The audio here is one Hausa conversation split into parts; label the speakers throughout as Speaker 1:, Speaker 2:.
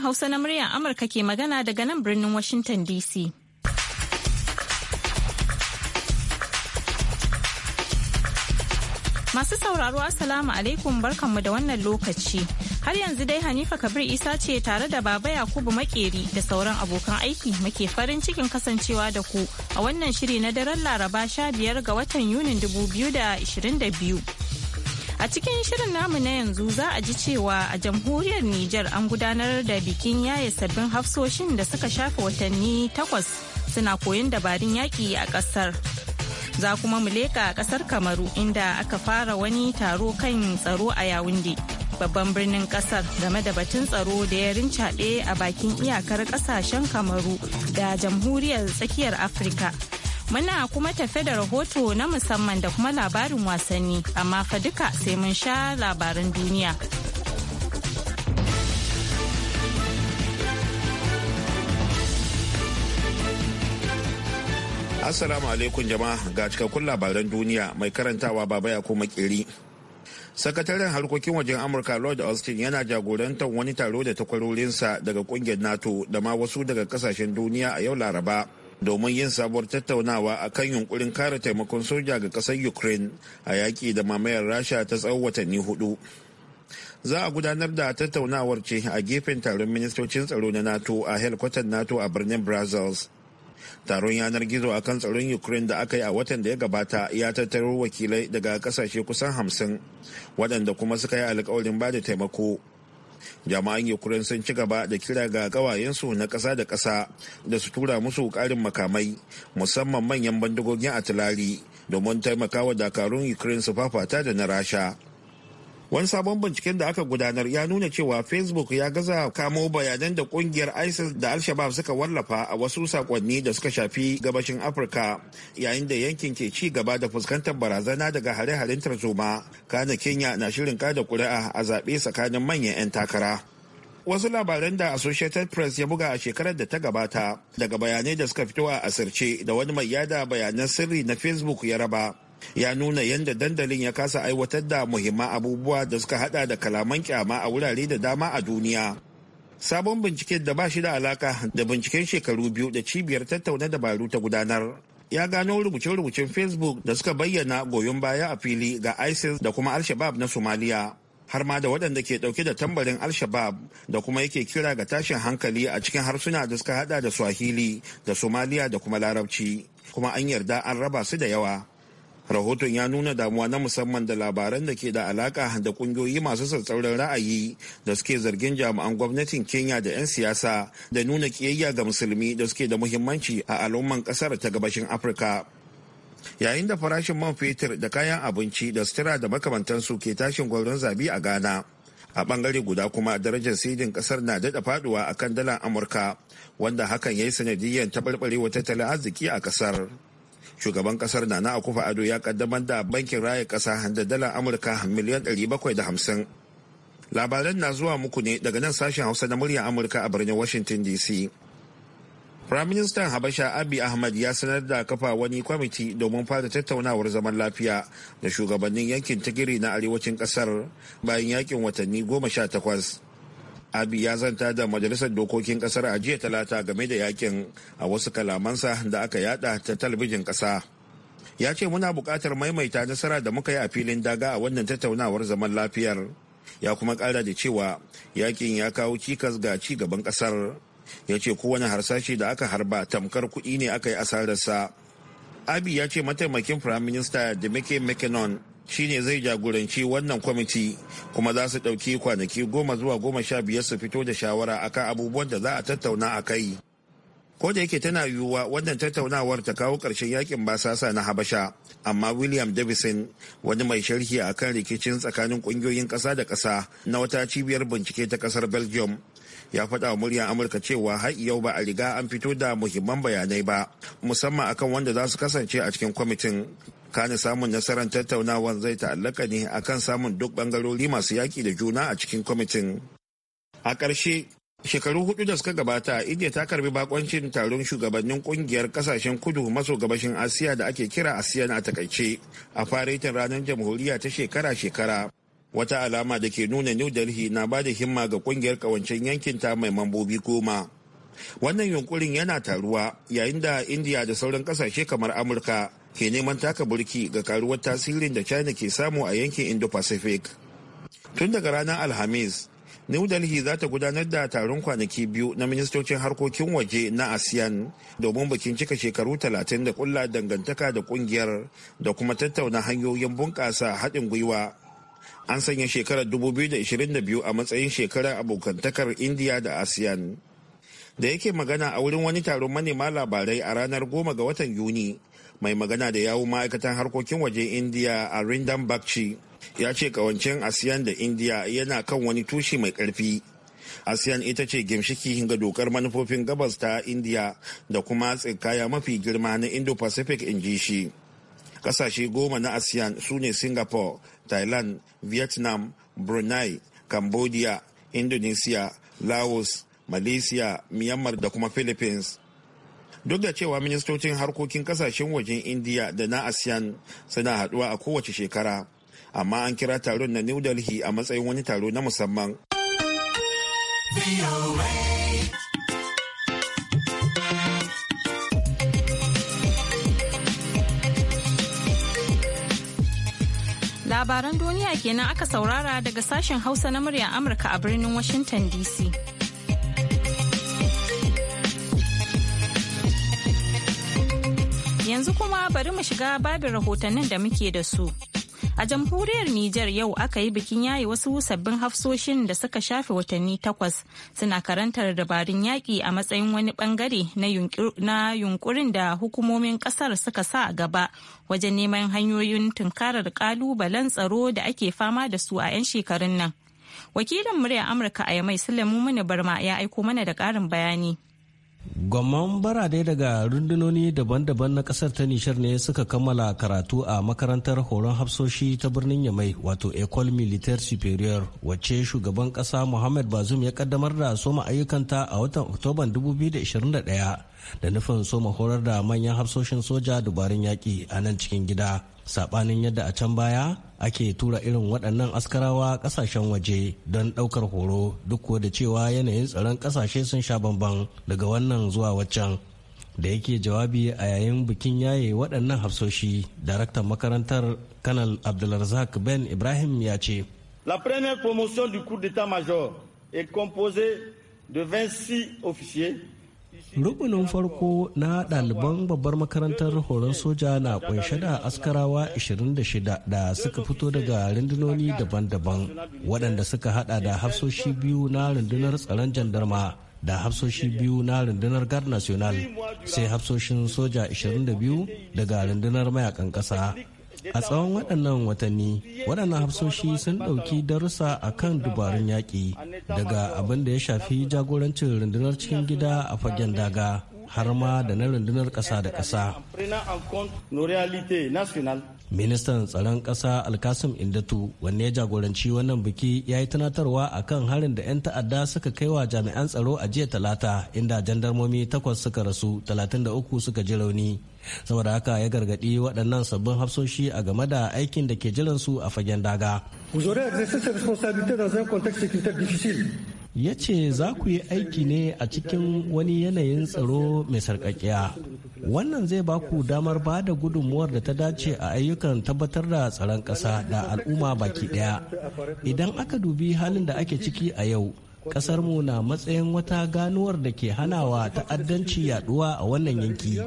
Speaker 1: Hausa na muryar Amurka ke magana daga nan birnin Washington DC. Masu sauraro Assalamu alaikum barkanmu da wannan lokaci. Har yanzu dai Hanifa Kabir Isa ce tare da Baba Yakubu Makeri da sauran abokan aiki muke farin cikin kasancewa da ku a wannan shiri na daren Laraba 15 ga watan Yunin 2022. A cikin shirin namu na yanzu za a ji cewa a jamhuriyar Nijar an gudanar da bikin yaye sabbin hafsoshin da suka shafe watanni takwas suna koyon dabarun yaƙi a ƙasar. Za kuma mu leƙa ƙasar Kamaru inda aka fara wani taro kan tsaro a Yawunde. Babban birnin ƙasar game da batun tsaro da ya rincaɗe a bakin iyakar ƙasashen Kamaru da jamhuriyar tsakiyar Afirka. Muna kuma tafe da rahoto na musamman da kuma labarin wasanni, amma fa duka sai mun sha labaran duniya.
Speaker 2: Assalamu alaikum jama'a ga cikakkun labaran duniya mai karantawa baba ya kuma kiri. Sakataren harkokin wajen Amurka Lord Austin yana jagorantar wani taro da takwarorinsa daga kungiyar NATO da ma wasu daga kasashen duniya a yau Laraba domin yin sabuwar tattaunawa a kan yunkurin kare taimakon soja ga ƙasar ukraine a yaƙi da mamayar rasha ta tsawon watanni hudu za a gudanar da tattaunawar ce a gefen taron ministocin tsaro na nato a helkwatar nato a birnin brazils taron yanar gizo a kan tsaron ukraine da aka yi a watan da ya gabata ya tattaro wakilai daga kasashe kusan hamsin waɗanda kuma suka yi alkawarin ba da taimako jama'an ukraine sun ci gaba da kira ga gawayensu na ƙasa da ƙasa da su tura musu ƙarin makamai musamman manyan a atilari domin taimaka wa dakarun ukraine su fafata da na rasha wani sabon binciken da aka gudanar ya nuna cewa facebook ya gaza kamo bayanan da kungiyar isis da alshabab suka wallafa a wasu sakonni da suka shafi gabashin afirka yayin da yankin ke ci gaba da fuskantar barazana daga hare-haren tarzoma kana kenya na shirin kada kuri'a a zaɓe tsakanin manyan 'yan takara wasu labaran da associated press ya buga a shekarar da ta gabata daga bayanai da suka fito a asirce da wani mai yada bayanan sirri na facebook ya raba ya nuna yadda dandalin ya kasa aiwatar da muhimman abubuwa da suka hada da kalaman kyama a wurare da dama a duniya sabon bincike da ba shi da alaka da binciken shekaru biyu da cibiyar tattauna dabaru ta gudanar ya gano rubuce-rubucen facebook da suka bayyana goyon baya a fili ga isis da kuma al-shabab na somaliya har ma da waɗanda ke ɗauke da tambarin al-shabab da kuma yake kira ga tashin hankali a cikin harsuna da suka hada da swahili da somaliya da kuma larabci kuma an yarda an raba su da yawa rahoton ya nuna damuwa na musamman da labaran da ke da alaka da kungiyoyi masu tsatsauran ra'ayi da suke zargin jami'an gwamnatin kenya da 'yan siyasa da nuna kiyayya ga musulmi da suke da muhimmanci a al'umman kasar ta gabashin afirka yayin da farashin man fetur da kayan abinci da sutura da makamantansu ke tashin gwauron zabi a ghana a bangare guda kuma darajar sidin kasar na daɗa faduwa akan dalar amurka wanda hakan ya yi sanadiyyar taɓarɓarewa tattalin arziki a kasar. shugaban kasar nana akufa ado ya kaddamar da bankin raya kasa da dalar amurka miliyan 750 labaran na zuwa muku ne daga nan sashen hausa na murya amurka a birnin washington dc minister Habasha Abi Ahmad ya sanar da kafa wani kwamiti domin fara tattaunawar zaman lafiya da shugabannin yankin tigiri na arewacin kasar bayan yakin watanni goma sha takwas. abi ya zanta da majalisar dokokin kasar a jiya talata game da yakin a wasu kalamansa da aka yada ta talabijin kasa ya ce muna buƙatar maimaita nasara da muka yi a filin daga a wannan tattaunawar zaman lafiyar ya kuma ƙara da cewa yakin ya kawo cikas ga ci gaban ƙasar ya ce kowane harsashi da aka harba tamkar kuɗi ne aka yi asararsa abi ya ce mataimakin firaminista da mike Mekinon. shi ne zai jagoranci wannan kwamiti kuma za su ɗauki kwanaki goma zuwa goma sha biyar su fito da shawara akan abubuwan da za a tattauna a kai ko da yake tana yiwuwa wannan tattaunawar ta kawo ƙarshen yakin basasa na habasha amma william davison wani mai sharhi a kan rikicin tsakanin ƙungiyoyin ƙasa da ƙasa na wata cibiyar bincike ta ƙasar belgium ya faɗa wa muryar amurka cewa har yau ba a riga an fito da muhimman bayanai ba musamman akan wanda za su kasance a cikin kwamitin kane samun nasarar tattaunawar zai ta'allaka ne akan samun duk bangarori masu yaki da juna a cikin kwamitin a ƙarshe shekaru hudu da suka gabata india ta karbi bakoncin taron shugabannin kungiyar kasashen kudu maso gabashin asiya da ake kira asiya a takaice a faretin ranar jamhuriya ta shekara-shekara wata alama da ke nuna new delhi na ba da himma ga kungiyar kawancen yankin ta mai mambobi goma wannan yunkurin yana taruwa yayin da india da sauran kasashe kamar amurka ke neman taka burki ga karuwar tasirin da china ke samu a yankin indo-pacific tun daga ranar alhamis new delhi za ta gudanar da taron kwanaki biyu na ministocin harkokin waje na asean domin bikin cika shekaru 30 da kulla dangantaka da kungiyar da kuma tattauna hanyoyin bunƙasa haɗin gwiwa an sanya shekarar 2022 a matsayin shekarar abokantakar indiya da asean da yake magana a wurin wani taron manema labarai a ranar 10 ga watan yuni mai magana da yawun ma'aikatan harkokin waje indiya a rindan bakci ya ce kawancin asiyan da indiya yana kan wani tushe mai karfi asiyan ita ce gimshiki ga dokar manufofin gabas ta indiya da kuma tsinkaya mafi girma na indo-pacific in ji shi kasashe goma na asiyan su ne singapore thailand vietnam brunei cambodia indonesia laos malaysia myanmar da kuma philippines duk da cewa ministocin harkokin kasashen wajen indiya da na asean suna haduwa a kowace shekara amma an kira taron na new delhi a matsayin wani taro na musamman
Speaker 1: labaran duniya kenan aka saurara daga sashen hausa na murya amurka a birnin washington dc Yanzu kuma bari mu shiga babin rahotannin da muke da su. A jamhuriyar Nijar yau aka yi bikin yayi wasu sabbin hafsoshin da suka shafe watanni takwas suna karantar dabarun yaƙi a matsayin wani bangare na yunkurin da hukumomin ƙasar suka sa a gaba wajen neman hanyoyin tunkarar ƙalubalen tsaro da ake fama da su a 'yan shekarun nan. Wakilin muryar Amurka a Yamai Sulemu Barma ya aiko mana da ƙarin bayani.
Speaker 3: Gwamman baradai daga rundunoni daban-daban na kasar ta Nishar ne suka kammala karatu a makarantar horon hafsoshi ta birnin Yamai wato Ecole Militaire Superior wacce shugaban kasa Muhammad Bazoum ya kaddamar da soma ayyukanta a watan Oktoban 2021 da nufin soma horar da manyan hafsoshin soja dubarun yaƙi a nan cikin gida saɓanin yadda a can baya ake tura irin waɗannan askarawa ƙasashen waje don ɗaukar horo duk da cewa yanayin tsaron ƙasashe sun sha bamban daga wannan zuwa waccan da yake jawabi a yayin bikin yaye waɗannan hafsoshi daraktan makarantar kanal abdulrazak ben ibrahim ya ce la première promotion du cours d'état major est composée de 26 officiers rukunin farko na ɗaliban babbar makarantar horon soja na kunshe da askarawa 26 da suka fito daga rundunoni daban-daban waɗanda suka hada da hafsoshi biyu na rundunar tsaron jandarma da hafsoshi biyu na rundunar guard national sai hafsoshin soja 22 daga rundunar mayakan ƙasa a tsawon waɗannan watanni waɗannan hafsoshi sun ɗauki darussa a kan dubarun yaƙi daga abin da ya shafi jagorancin rundunar cikin gida a fagen daga har ma da na rundunar ƙasa da ƙasa ministan tsaron ƙasa alkasim indatu wanne ya jagoranci wannan biki ya yi tunatarwa a kan harin da 'yan ta'adda suka kai wa jami'an tsaro a jiya talata inda jandarmomi takwas suka rasu 33 suka ji rauni saboda haka ya gargadi waɗannan sabbin hafsoshi a game da aikin da ke jiransu a fagen daga ya ce za ku yi aiki ne a cikin wani yanayin tsaro mai sarƙaƙiya wannan zai ba ku damar ba da gudunmuwar da ta dace a ayyukan tabbatar da tsaron ƙasa da al'umma baki ɗaya idan aka dubi halin da ake ciki a yau kasarmu na matsayin wata ganuwar da ke hanawa ta'addanci yaduwa a wannan yanki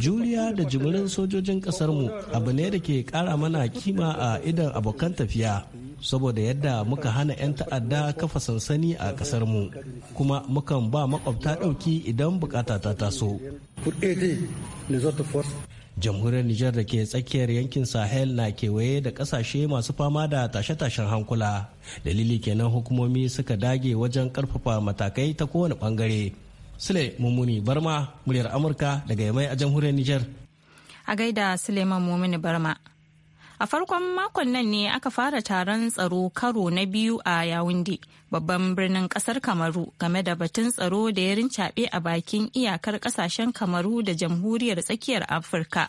Speaker 3: juriya da jimirin sojojin kasarmu abu ne da ke kara mana kima a idan abokan tafiya saboda yadda muka hana 'yan ta'adda kafa sansani a kasarmu kuma mukan ba makwabta ɗauki idan bukata ta taso jamhuriyar nijar da ke tsakiyar yankin sahel na kewaye da kasashe masu fama da tashe-tashen hankula dalili kenan hukumomi suka dage wajen karfafa matakai ta kowane bangare sule mummuni barma muryar amurka daga yamai a jamhuriyar nijar
Speaker 1: a gaida suleiman mumuni barma A farkon makon nan ne aka fara taron tsaro karo na biyu a Yawunde, babban birnin kasar Kamaru game da batun tsaro da ya rincaɓe a bakin iyakar kasashen Kamaru da jamhuriyar tsakiyar Afirka.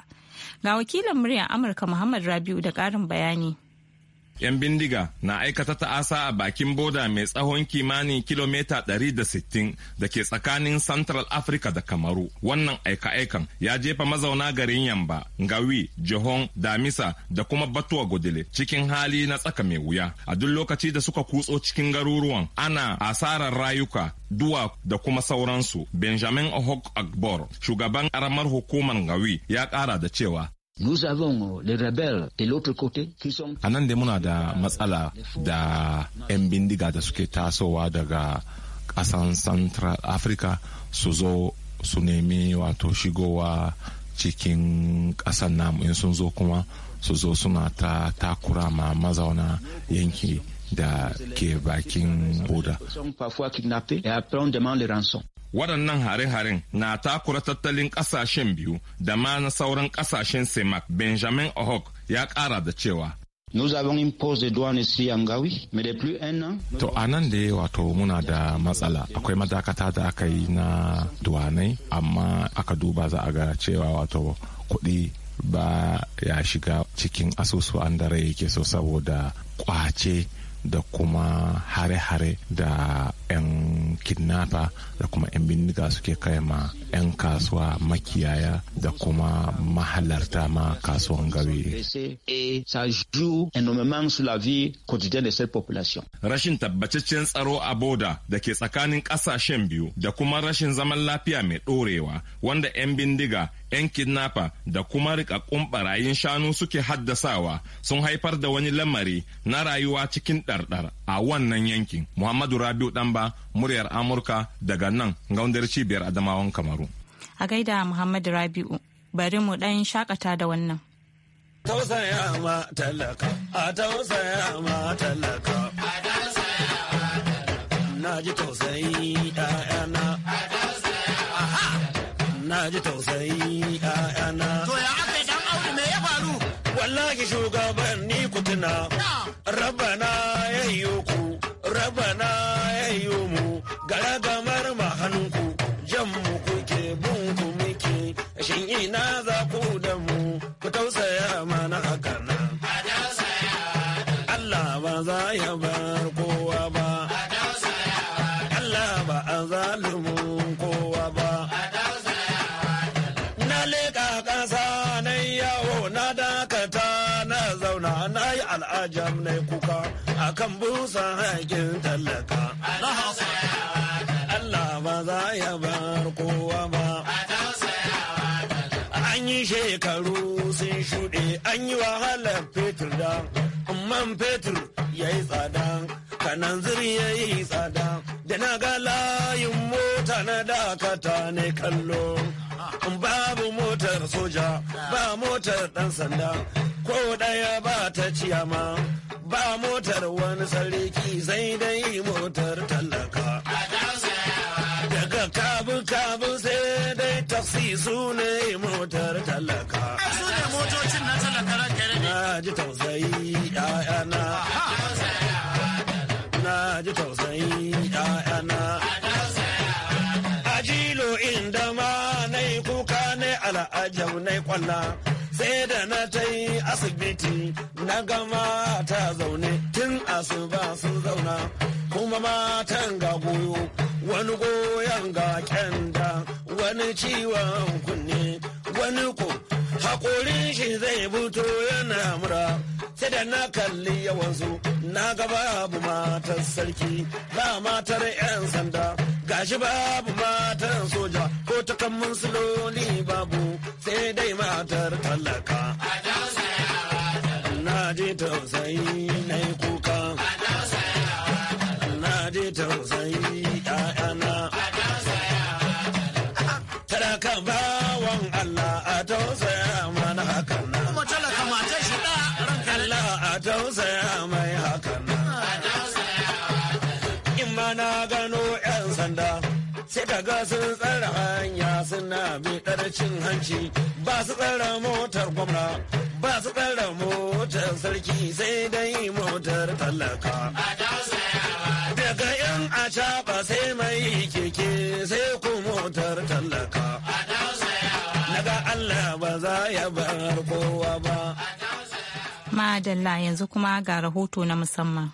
Speaker 1: Ga wakilin muryar Amurka Muhammad Rabiu da ƙarin
Speaker 4: bayani. 'yan bindiga na aikata ta'asa a bakin boda mai tsawon kimanin kilomita 160 da ke tsakanin central africa da kamaru wannan aika-aikan ya jefa mazauna garin yamba ngawi johon damisa da kuma batuwa godile cikin hali na tsaka mai wuya a duk lokaci da suka kutso cikin garuruwan ana asarar rayuka duwa da kuma sauransu benjamin ohok agbor shugaban karamar hukumar ngawi ya kara da cewa
Speaker 5: Nous avons euh, les rebelles de l'autre côté qui sont...
Speaker 4: A nan muna da matsala da 'yan bindiga da suke tasowa daga ƙasan Central Africa su zo su nemi wato shigowa cikin kasan namu in sun zo kuma su zo suna ta takura ma mazauna yanki da ke bakin boda. waɗannan hare-haren na takura tattalin ƙasashen biyu da ma na sauran ƙasashen semak benjamin ohok ya ƙara da cewa To a nan da wato muna da matsala akwai madakata da aka yi na duwanai amma aka duba za a ga cewa wato kuɗi ba ya shiga cikin an da rai yake so saboda kwace da kuma hare-hare da 'yan kidnapper da kuma 'yan bindiga suke kai ma 'yan kasuwa makiyaya da kuma mahalarta ma kasuwan gari. Rashin tabbataccen tsaro a boda da ke tsakanin ƙasashen biyu da kuma rashin zaman lafiya mai ɗorewa wanda 'yan bindiga 'yan kidnapper da kuma rikakkun barayin shanu suke haddasawa sun haifar da wani lamari na rayuwa cikin ɗarɗar a wannan yankin. Muhammadu Rabiu Ɗanba, muryar Amurka daga nan gaundar cibiyar Adamawan Kamaru.
Speaker 1: A gaida Muhammadu Rabiu, bari mu ɗan shakata da wannan.
Speaker 6: Tausaya talaka, a tausaya ma talaka. A tausaya talaka. Na ji tausayi ji tausayi yana. To ya aka dan Audu me ya faru? Wallahi ni ku tuna. Rabana ya ku, rabana ya mu, garagamar ma jan mu kuke bin ku muke, shin ina za ku da mu, ku tausaya mana hakan. Allah ba za ya ba. jam na kuka akan busa haƙin tallaka Allah ba za ya bar kowa ba an yi shekaru sun shuɗe an yi wahalar fetur da amman fetur ya yi tsada kanan ziri ya yi tsada da na ga layin mota na dakata ne kallo. babu motar soja ba motar dan sanda ko daya ba ta ciyama ba motar wani sarki sai dai motar tallaka daga kabu kabu sai dai taksi su ne motar tallaka
Speaker 2: su ne motocin na tallaka
Speaker 6: na ji tausayi ya'yana na ji tausayi ya'yana da ajiyar na kwalla sai da na ta yi asibiti na gama ta zaune tun asuba sun zauna kuma matan ga goyo wani goyon ga kyanda wani ciwon kunne wani ko haƙorin shi zai buto yana da na kalli yawansu na ga babu matar sarki ba matar 'yan sanda gashi babu matan soja ko ta kan babu sai dai matar talaka na je tausayi na yi kuka na je tausayi sai kaga sun tsara hanya suna mai cin hanci ba su tsara motar gwamna ba su tsara motar sarki sai dai motar talaka daga yan acaba sai mai keke sai ku motar talaka
Speaker 7: daga allah ba za ya bar kowa ba
Speaker 1: madalla yanzu kuma ga rahoto na musamman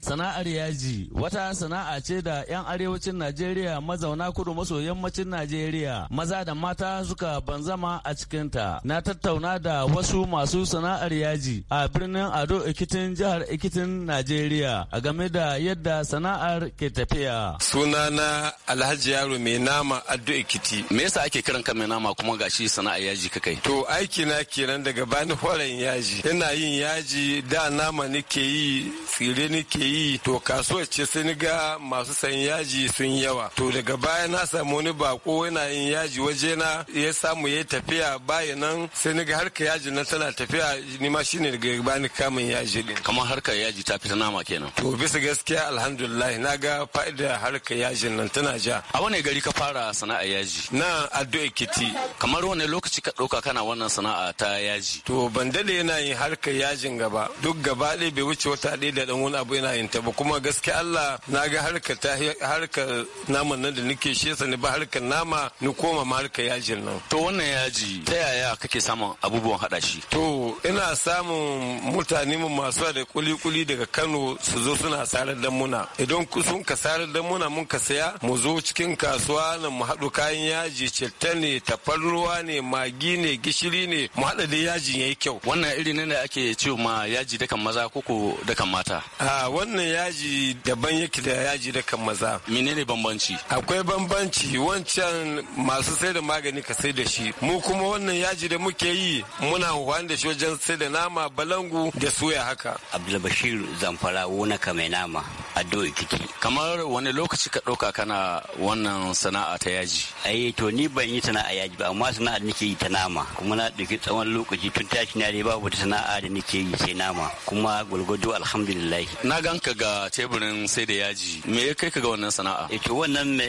Speaker 7: Sana'ar yaji wata sana'a ce da 'yan arewacin Najeriya mazauna kudu maso yammacin Najeriya maza da mata suka banzama a cikinta. Na tattauna da wasu masu sana'ar yaji a birnin Ado Ikitin jihar Ikitin Najeriya a game da yadda sana'ar ke
Speaker 8: tafiya. Suna na Alhaji Yaro mai nama Ado Ikiti. Me yasa ake kiran ka mai nama kuma gashi sana'ar yaji kakai? To aiki na kenan daga bani horon yaji. Ina yin yaji da nama nake yi tsire nake yi to kasuwar ce sun ga masu sayan yaji sun yawa to daga baya na samu wani bako yana yin yaji waje na ya samu ya tafiya baya nan sai ni ga harka yaji na tana tafiya ni ma shine daga ba ni kamun yaji din kamar harka yaji ta fita nama kenan to bisa gaskiya alhamdulillah na ga fa'ida harka yaji nan tana ja a wani gari ka fara sana'a yaji na addu ekiti
Speaker 7: kamar wani lokaci ka doka kana wannan sana'a ta yaji
Speaker 8: to ban yana yin harka yajin gaba duk gaba ɗaya bai wuce wata ɗaya da ɗan wani abu yana yin ba kuma gaske Allah na ga harkar ta harkar naman nan da nake shi yasa ni ba harkar nama ni koma ma harkar yajin nan to wannan yaji ta yaya kake samun abubuwan hada shi to ina samun mutane mu masu da kuli-kuli daga Kano su zo suna sarar da muna idan sun ka sarar da muna mun ka saya mu zo cikin kasuwa nan mu haɗu kayan yaji citta ne tafarruwa ne magi ne gishiri ne mu haɗa da yajin yayi kyau wannan iri ne da ake ce ma
Speaker 7: yaji dakan maza koko dakan mata
Speaker 8: a wannan yaji daban yake da yaji da kan maza menene bambanci akwai bambanci wancan masu sai da magani ka sai da shi mu kuma wannan yaji da muke yi muna amfani da shi wajen sai da nama balangu da
Speaker 9: soya haka abdulbashir zamfara wona ka mai nama addu'o'i kike kamar wani lokaci ka ɗauka kana wannan sana'a ta yaji ai to ni ban yi sana'a yaji ba amma sana'a nake yi ta nama kuma na ɗauki tsawon lokaci tun tashi na dai babu wata sana'a da nake yi sai nama kuma gwalgwado alhamdulillah na ganka ga teburin sai da yaji me ya kai ka ga wannan sana'a eh to wannan na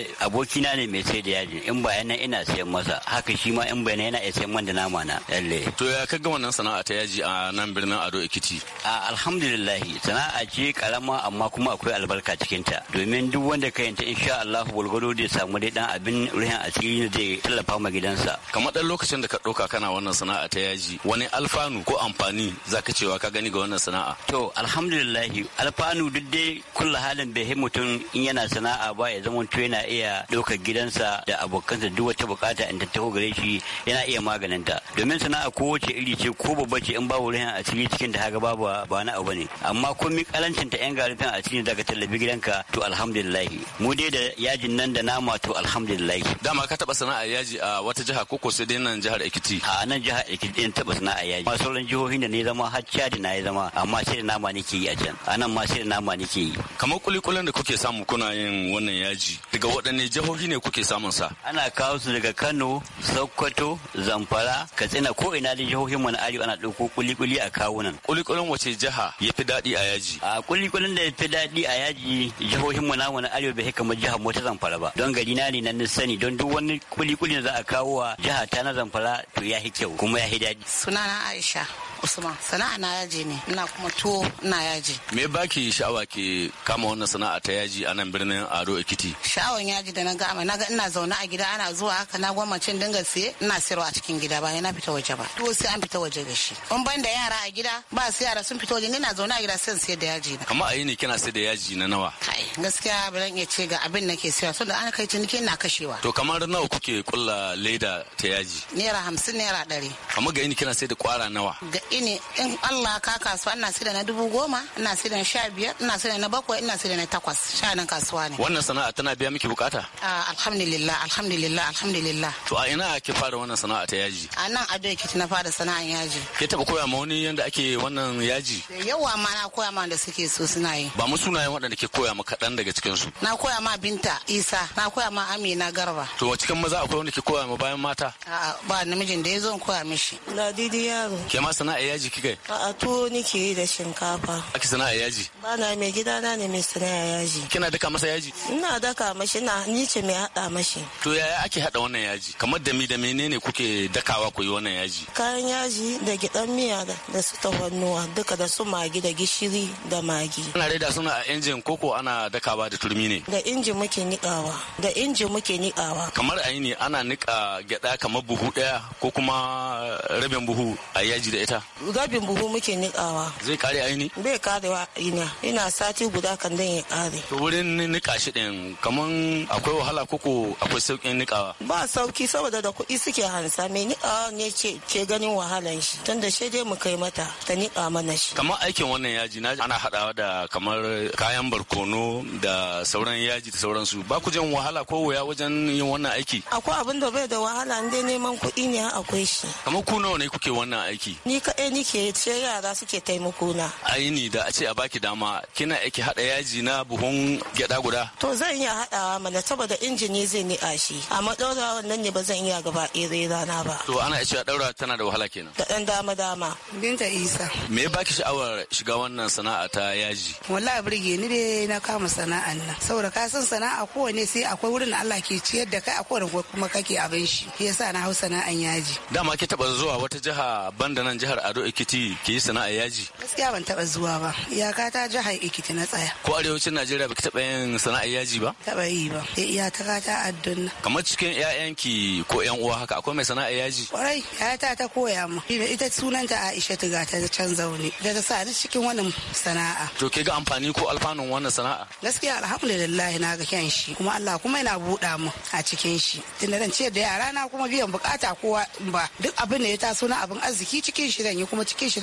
Speaker 9: ne mai sai da yaji in yana ina sayan masa haka shi ma in bayanan yana ina sayan man da nama na lalle to ya ka ga wannan sana'a ta yaji a nan birnin Ado Ekiti a alhamdulillah sana'a ce karama amma kuma akwai albarka cikin ta domin duk wanda ka yanta insha Allah walgado da samu dai dan abin ruhin asiri zai tallafa ma gidansa kamar dan lokacin da ka ɗauka kana wannan sana'a ta yaji wani alfanu ko amfani zaka cewa ka gani ga wannan sana'a to alhamdulillah alfanu duk dai kullu halin bai mutum in yana sana'a ba ya zama to yana iya daukar gidansa da abokansa duk wata bukata in ta taho gare shi yana iya maganin ta domin sana'a ko wace iri ce ko babba ce in babu ruhin asiri cikin ta haka babu ba na abu ne amma komai karancin ta yan garifin asiri daga tallafi gidanka to alhamdulillah mu dai da yajin nan da nama to alhamdulillah dama ka taba sana'a yaji a wata jiha ko ko sai dai nan jihar Ekiti a nan jihar Ekiti in taba sana'a yaji ma sauran jihohin da ne zama har Chad na ya zama amma sai da nama nake yi a can a nan ma sai da nama nake yi
Speaker 7: kamar kulikulan da kuke samu kuna yin wannan yaji daga waɗanne jihohi ne kuke samun sa
Speaker 9: ana kawo su daga Kano Sokoto Zamfara Katsina ko ina da jihohin mu na Arewa ana ɗauko kulikuli a kawo nan kulikulin wace jiha ya fi daɗi a yaji a kulikulan da ya fi daɗi a yaji jihohin mu namu na arewa bai kamar jihar mota ta zamfara ba don gari na ne nan sani don duk wani kuli-kuli da za a kawo wa jiha ta na zamfara to ya hi kyau kuma ya hi daɗi
Speaker 10: sunana aisha usman sana'a na yaji ne ina kuma tuwo ina yaji
Speaker 7: me baki sha'awa ke kama wannan sana'a ta yaji a nan birnin ado ekiti
Speaker 10: sha'awan yaji da na ga na naga ina zaune a gida ana zuwa haka na goma cin dinga siye ina sayarwa a cikin gida ba na fita waje ba tuwo sai an fita waje da shi Un ban da yara a gida ba su yara sun fita waje ina na zaune a gida sai siyar da yaji na
Speaker 7: amma a yi ne kina siyar da yaji na nawa
Speaker 10: kai gaskiya ba zan iya ce ga abin ke siya saboda da ana kai ciniki na kashewa
Speaker 7: to kamar nawa kuke kulla leda ta yaji
Speaker 10: naira hamsin naira ɗari
Speaker 7: kamar ga ini kina sai da kwara nawa
Speaker 10: ga ini in Allah ka kasuwa ina sai da na dubu goma ina sai da na sha biyar ina sai da na bakwai ina sai da na takwas sha nan kasuwa ne wannan
Speaker 7: sana'a tana biya miki bukata
Speaker 10: alhamdulillah alhamdulillah alhamdulillah
Speaker 7: to a ina ke fara wannan sana'a ta yaji
Speaker 10: a nan ado yake na fara sana'an yaji
Speaker 7: ke taba koya ma wani yanda ake wannan yaji
Speaker 10: yawa ma na koya ma da suke so suna yi ba
Speaker 7: mu sunayen waɗanda ke koya ma kaɗan daga daga cikinsu.
Speaker 10: Na koya ma Binta Isa, na koya ma Amina Garba.
Speaker 7: To a cikin maza akwai wanda ke koya ma bayan mata?
Speaker 10: A'a ba namijin da ya zo koya mishi. Ladidi yaro.
Speaker 7: Ke ma sana'a yaji kika
Speaker 10: A'a tuwo ni yi da
Speaker 11: shinkafa.
Speaker 7: Ake sana'a yaji?
Speaker 11: Ba na mai gidana ne mai sana'a yaji. Kina daka masa yaji? Ina daka mashi na ni ce mai hada mashi.
Speaker 7: To yaya ake hada wannan yaji? Kamar da mi da menene kuke dakawa ku yi wannan yaji?
Speaker 11: Kayan yaji da gidan miya da su tafannuwa duka da su magi da gishiri da magi. Ana
Speaker 7: reda suna a injin koko ana daka niƙawa da turmi ne
Speaker 11: da injin muke niƙawa da injin muke niƙawa
Speaker 7: kamar a ne ana niƙa gyaɗa kamar buhu ɗaya ko kuma eh, rabin buhu a yaji da ita
Speaker 11: rabin buhu muke niƙawa zai kare a ne bai karewa ina ina sati guda kan dan ya kare
Speaker 7: to wurin niƙa shi ɗin kamar akwai wahala koko akwai sauƙin niƙawa
Speaker 11: ba sauki saboda da kuɗi suke hansa mai niƙawa ne ke ganin wahalan shi tunda shi dai mu kai mata ta niƙa mana shi kamar
Speaker 7: aikin wannan yaji na ana haɗawa da kamar kayan barkono da da sauran yaji da sauransu ba ku jin wahala ko wuya wajen yin wannan aiki
Speaker 11: akwai abin da bai da wahala an dai neman kuɗi ne akwai shi
Speaker 7: kamar ku nawa ne kuke wannan aiki
Speaker 11: ni ka ni ke, ce yara suke taimako na
Speaker 7: aini da a ce a baki dama kina aiki hada yaji na buhun gyada guda
Speaker 11: to zan iya hadawa mana saboda injini zai ni a shi amma daura wannan ne ba zan iya gaba ɗaya rana ba
Speaker 7: to ana a daura tana da wahala kenan
Speaker 12: da dan dama dama binta isa
Speaker 7: me ya baki sha'awar shiga wannan sana'a ta yaji
Speaker 12: wallahi burge ni dai na kama sana'a sana'an nan saboda ka san sana'a kowane sai akwai wurin da Allah ke ciyar da kai a kowane kuma kake abin shi yasa na hau sana'an yaji
Speaker 7: dama ki taba zuwa wata jiha banda nan jihar Ado Ekiti ke yi sana'a yaji
Speaker 12: gaskiya ban taba zuwa ba iyaka ta jihar Ekiti na tsaya
Speaker 7: ko arewacin Najeriya baki taba yin sana'a yaji ba
Speaker 12: taba yi ba sai ka ta addun
Speaker 7: kamar cikin ƴaƴanki ko ƴan uwa haka akwai mai sana'a yaji
Speaker 12: kwarai ya ta koya mu ita sunanta Aisha tiga ta can zaune da ta sa ni cikin wannan sana'a
Speaker 7: to ke ga amfani ko alfanun wannan sana'a
Speaker 12: gaskiya gaskiya alhamdulillah na ga kyan shi kuma Allah kuma yana buɗa mu a cikin shi tun da ce da yara na kuma biyan bukata kowa ba duk abin da ya taso na abin arziki cikin shi zan yi kuma cikin shi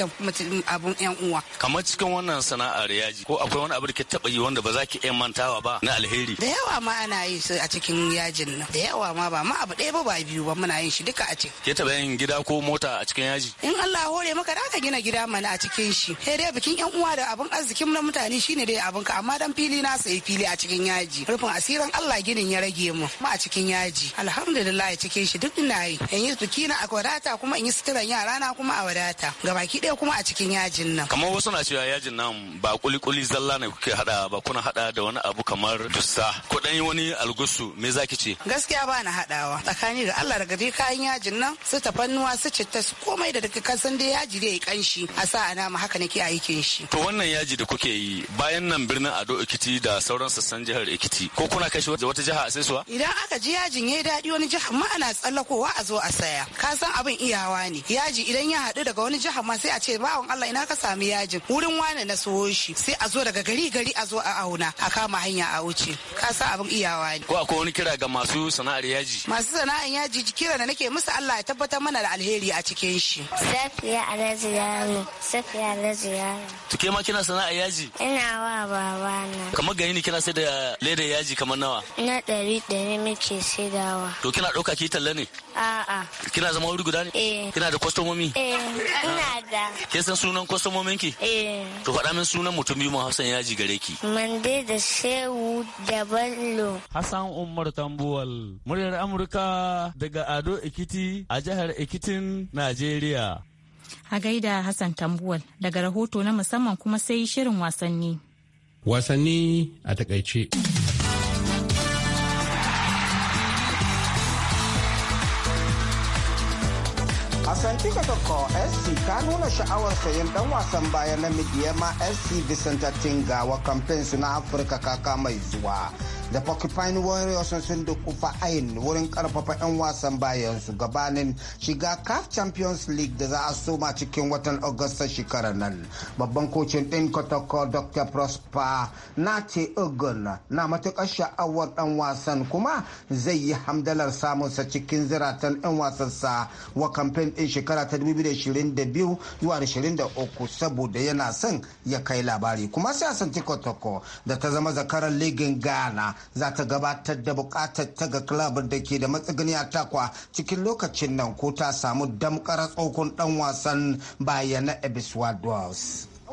Speaker 12: abin yan uwa
Speaker 7: kamar cikin wannan sana'ar yaji ko akwai wani abu da ke taba yi wanda ba za ki iya mantawa ba na alheri da
Speaker 12: yawa ma ana yi su a cikin yajin nan da yawa ma ba ma abu ɗaya ba ba biyu ba muna yin shi duka a cikin
Speaker 7: ke taba yin gida ko mota a cikin yaji
Speaker 12: in Allah hore maka da ka gina gida mana a cikin shi sai dai bikin yan uwa da abin arzikin na mutane shine dai abin ka amma dan fili na sai sai fili a cikin yaji rufin asirin Allah ginin ya rage mu mu a cikin yaji alhamdulillah ya cikin shi duk ina yi in yi biki na a wadata kuma in yi suturan yara na kuma a wadata gabaki ɗaya kuma a cikin yajin nan
Speaker 7: kamar wasu na cewa yajin nan ba kulikuli zalla ne kuke hada ba kuna hada da wani abu kamar dussa ko dan wani algusu me zaki ce
Speaker 12: gaskiya ba na hadawa tsakani da Allah daga dai kayan yajin nan su tafannuwa su citta su komai da daga kasan dai yaji dai kanshi a sa a nama haka nake aikin shi
Speaker 7: to wannan yaji da kuke yi bayan nan birnin Ado Ekiti da sauran sassan jihar Ekiti ko kuna kai shi wata jiha a saisuwa?
Speaker 12: Idan aka ji yajin yayi daɗi wani jiha ma ana tsallakowa a zo a saya. Ka san abin iyawa ne. Yaji idan ya haɗu daga wani jiha ma sai a ce bawan Allah ina ka sami yajin. Wurin wane na soho shi sai a zo daga gari gari a zo a auna a kama hanya a wuce. Ka san abin iyawa ne.
Speaker 7: Ko akwai wani kira ga masu sana'ar yaji?
Speaker 12: Masu sana'ar yaji kira da nake musu Allah ya tabbatar mana da alheri a cikin shi. Safiya Alhaji Yaro. Safiya Alhaji Yaro.
Speaker 7: Tuke ma kina sana'ar yaji?
Speaker 12: Ina wa babana.
Speaker 7: Kamar gani mini kina sai da leda yaji kamar nawa?
Speaker 11: Na ɗari ɗari muke saidawa.
Speaker 7: To kina ɗauka ki talla ne? A'a. Kina zama wuri guda ne? Eh. Kina da kwastomomi?
Speaker 11: Eh, ina da.
Speaker 7: Ke san sunan kwastomomin ki? Eh. To faɗa min sunan mutum biyu Hassan yaji gare ki.
Speaker 11: Mande da Shehu da Bello.
Speaker 7: Hassan Umar Tambuwal, muryar Amurka daga Ado Ekiti a jihar Ekitin, Najeriya.
Speaker 1: A gaida Hassan Tambuwal daga rahoto na musamman kuma sai shirin wasanni.
Speaker 3: wasanni a takaice.
Speaker 5: Asante Kotoko SC ta nuna sha'awar sayan dan wasan baya na Midiyama SC Vicente Tinga wa kamfen su na Afirka kaka mai zuwa. da porcupine warriors sun dukufa ayin wurin karfafa 'yan wasan bayansu gabanin shiga caf champions league da za a soma cikin watan agusta shekarar nan babban kocin din kotoko dr prosper na ce ogun na matukar sha'awar dan wasan kuma zai yi hamdalar samunsa cikin ziratan 'yan wasansa wa kamfen din shekara ta 2022 zuwa 23 saboda yana son ya kai labari kuma sai siyasan tikotoko da ta zama zakarar ligin ghana za ta gabatar da bukatar ta ga club da ke da matsuguni a takwa cikin lokacin nan ko ta samu damkar tsohon dan wasan baya na ebiswa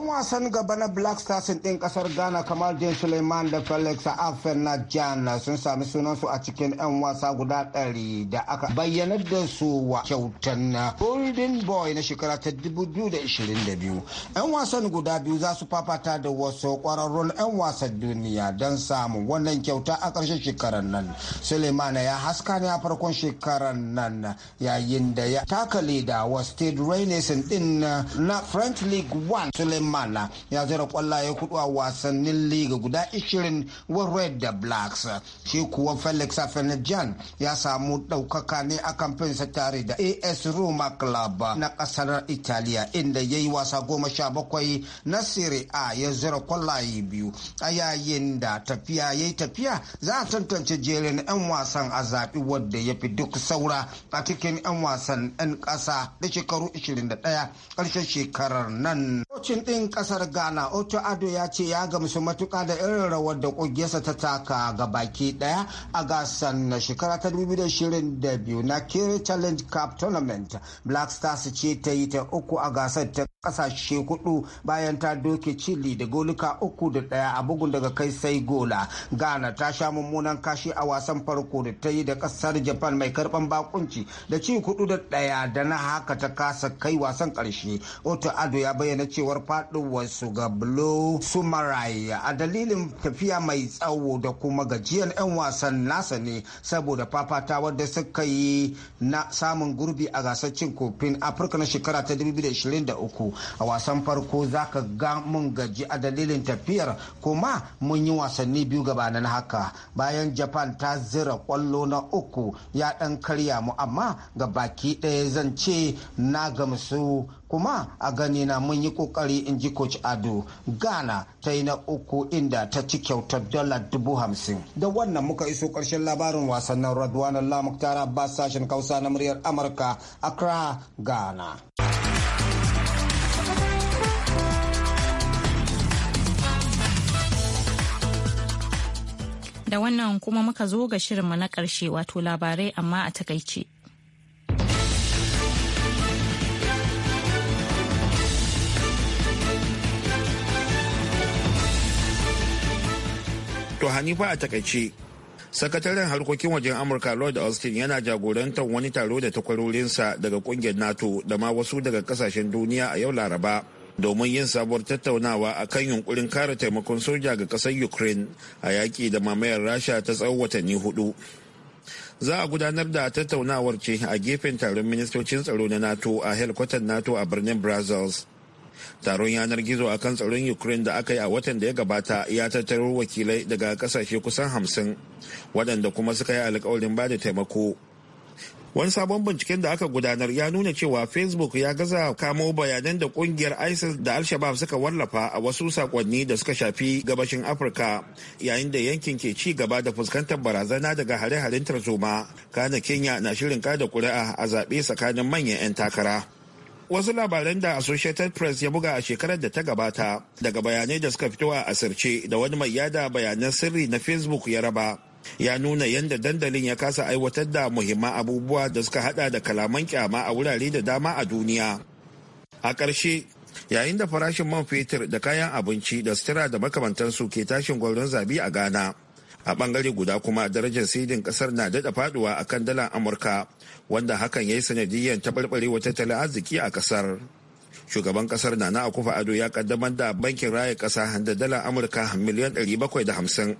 Speaker 5: 'yan wasan gaba na black stars ɗin kasar ghana kamar jane suleiman da felix afen na jana sun sami sunansu a cikin 'yan wasa guda ɗari da aka bayyana da su wa kyautan golden boy na shekara ta 2022 'yan wasan guda biyu za su fafata da wasu ƙwararrun 'yan wasan duniya don samu. wannan kyauta a ƙarshen shekarar nan suleiman ya haska ne a farkon shekarar nan yayin da ya taka leda wa state renaissance ɗin na french league one mala ya zira kwallaye hudu a wasannin liga guda 20 wa red da blacks shi kuwa felix afenajan ya samu daukaka ne a kamfinsa tare da as roma club na kasar italiya inda ya yi wasa goma sha bakwai na serie a ya zira kwallaye biyu a yayin da tafiya ya yi tafiya za a tantance jerin 'yan wasan a zaɓi wadda ya fi duk saura a cikin 'yan wasan 'yan ƙasa da shekaru 21 ƙarshen shekarar nan. din kasar Ghana otu Ado ya ce ya gamsu matuƙa da irin rawar da ƙungiyarsa ta taka ga baki ɗaya a gasar na shekara ta 2022 na Kiri Challenge Cup Tournament. Black Stars ce ta yi ta uku a gasar ta kasashe hudu bayan ta doke chile da goluka uku da daya a bugun daga kai sai gola ghana ta sha mummunan kashi a wasan farko da ta yi da kasar japan mai karban bakunci da ci hudu da daya da na haka ta kasa kai wasan karshe otu ado ya bayyana cewar faduwarsu ga blo sumarai a dalilin tafiya mai tsawo da kuma gajiyan 'yan wasan nasa ne saboda fafata wadda suka yi na samun gurbi a gasar cin kofin afirka na shekara ta 2023 a wasan farko za ka ga mun gaji a dalilin tafiyar kuma mun yi wasanni biyu gabanin haka bayan japan ta zira kwallo na uku ya dan karya mu amma ga baki ɗaya zan ce na gamsu kuma a gani na mun yi kokari in ji coach ado ghana ta yi na uku inda ta ci kyauta dala dubu hamsin da wannan muka iso karshen labarin wasannin radwan allah muktar abbas sashen kausa na muryar amurka accra ghana Da wannan
Speaker 1: kuma muka zo ga shirinmu na ƙarshe wato labarai amma a takaice.
Speaker 2: To Hanifa a takaice. Sakataren harkokin wajen Amurka Lord Austin yana jagorantar wani taro da takwarorinsa daga kungiyar NATO da ma wasu daga kasashen duniya a yau Laraba. domin yin sabuwar tattaunawa a kan yunkurin kare taimakon soja ga ƙasar ukraine a yaƙi da mamayar rasha ta tsawon watanni hudu za a gudanar da tattaunawar ce a gefen taron ministocin tsaro na nato a helkwatar nato a birnin brazils taron yanar gizo a kan tsaron ukraine da aka yi a watan da ya gabata ya tattaro wakilai daga kasashe kusan hamsin waɗanda kuma suka yi alkawarin ba da taimako wani sabon binciken da aka gudanar ya nuna cewa facebook ya gaza kamo bayanan da kungiyar isis da alshabab suka wallafa a wasu sakonni da suka shafi gabashin afirka yayin da yankin ke ci gaba da fuskantar barazana daga hare-haren tarzoma kana kenya na shirin kada kuri'a a zaɓe tsakanin manyan 'yan takara wasu labaran da associated press ya buga a shekarar da ta gabata daga bayanai da suka fito a asirce da wani mai yada bayanan sirri na facebook ya raba ya nuna yadda dandalin ya kasa aiwatar da muhimman abubuwa da suka hada da kalaman kyama a wurare da dama a duniya a ƙarshe yayin da farashin man fetur da kayan abinci da sutura da makamantansu ke tashin gwauron zabi a ghana a bangare guda kuma darajar sidin kasar na daɗa faduwa a kan dalar amurka wanda hakan ya yi sanadiyyar taɓarɓarewa tattalin arziki a kasar shugaban kasar na na akufa ado ya kaddamar da bankin raya kasa da dalar amurka miliyan 750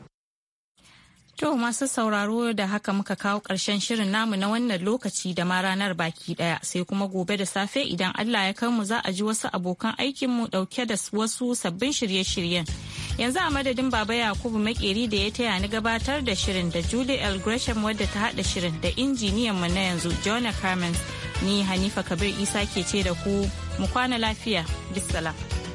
Speaker 1: To masu sauraro da haka muka kawo ƙarshen shirin namu na wannan lokaci da ma ranar baki ɗaya sai kuma gobe da safe idan Allah ya kai mu za a ji wasu abokan aikinmu ɗauke da wasu sabbin shirye-shiryen. Yanzu a madadin Baba Yakubu Makeri da ya taya ni gabatar da shirin da Julie L. Gresham wadda ta haɗa shirin da injiniyan mu na yanzu Jonah Carmen ni Hanifa Kabir Isa ke ce da ku mu kwana lafiya. bisala.